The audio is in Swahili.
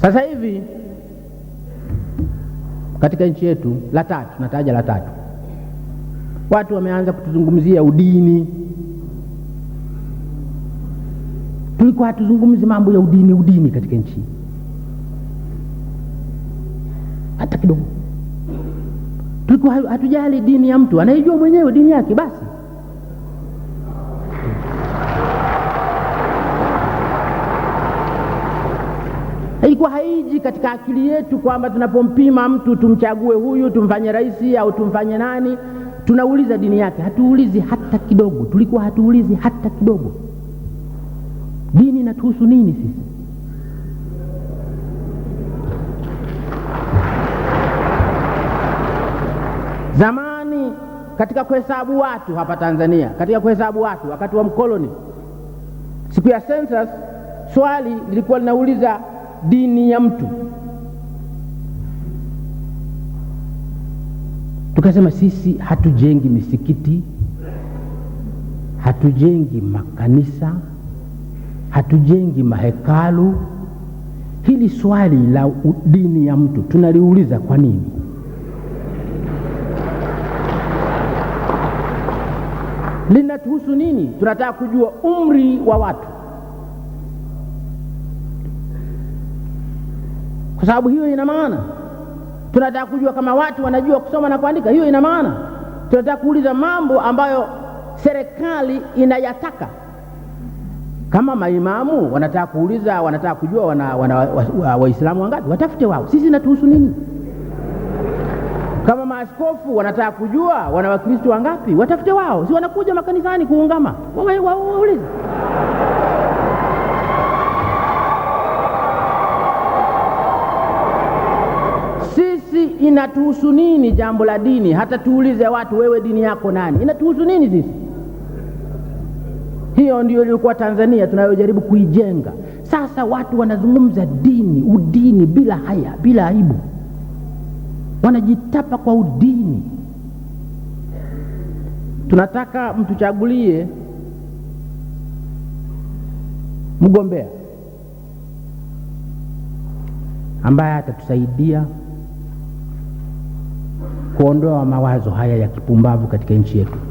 Sasa hivi katika nchi yetu, la tatu nataja la tatu, watu wameanza kutuzungumzia udini. Tulikuwa hatuzungumzi mambo ya udini, udini katika nchi hata kidogo, tulikuwa hatujali dini ya mtu, anaijua mwenyewe dini yake basi haiji katika akili yetu kwamba tunapompima mtu tumchague huyu tumfanye rais au tumfanye nani, tunauliza dini yake. Hatuulizi hata kidogo, tulikuwa hatuulizi hata kidogo. Dini inatuhusu nini sisi? Zamani katika kuhesabu watu hapa Tanzania, katika kuhesabu watu wakati wa mkoloni, siku ya census, swali lilikuwa linauliza dini ya mtu. Tukasema sisi hatujengi misikiti, hatujengi makanisa, hatujengi mahekalu. Hili swali la dini ya mtu tunaliuliza kwa nini? Linatuhusu nini? Tunataka kujua umri wa watu kwa sababu hiyo ina maana. Tunataka kujua kama watu wanajua kusoma na kuandika, hiyo ina maana. Tunataka kuuliza mambo ambayo serikali inayataka kama maimamu wanataka kuuliza, wanataka kujua Waislamu wa, wa, wa, wa wangapi, watafute wao, sisi natuhusu nini? Kama maaskofu wanataka kujua wana Wakristo wangapi, watafute wao, si wanakuja makanisani kuungama, waulize. inatuhusu nini jambo la dini? Hata tuulize watu, wewe dini yako nani? Inatuhusu nini sisi? Hiyo ndio iliyokuwa Tanzania tunayojaribu kuijenga. Sasa watu wanazungumza dini, udini bila haya, bila aibu, wanajitapa kwa udini. Tunataka mtuchagulie mgombea ambaye atatusaidia kuondoa mawazo haya ya kipumbavu katika nchi yetu.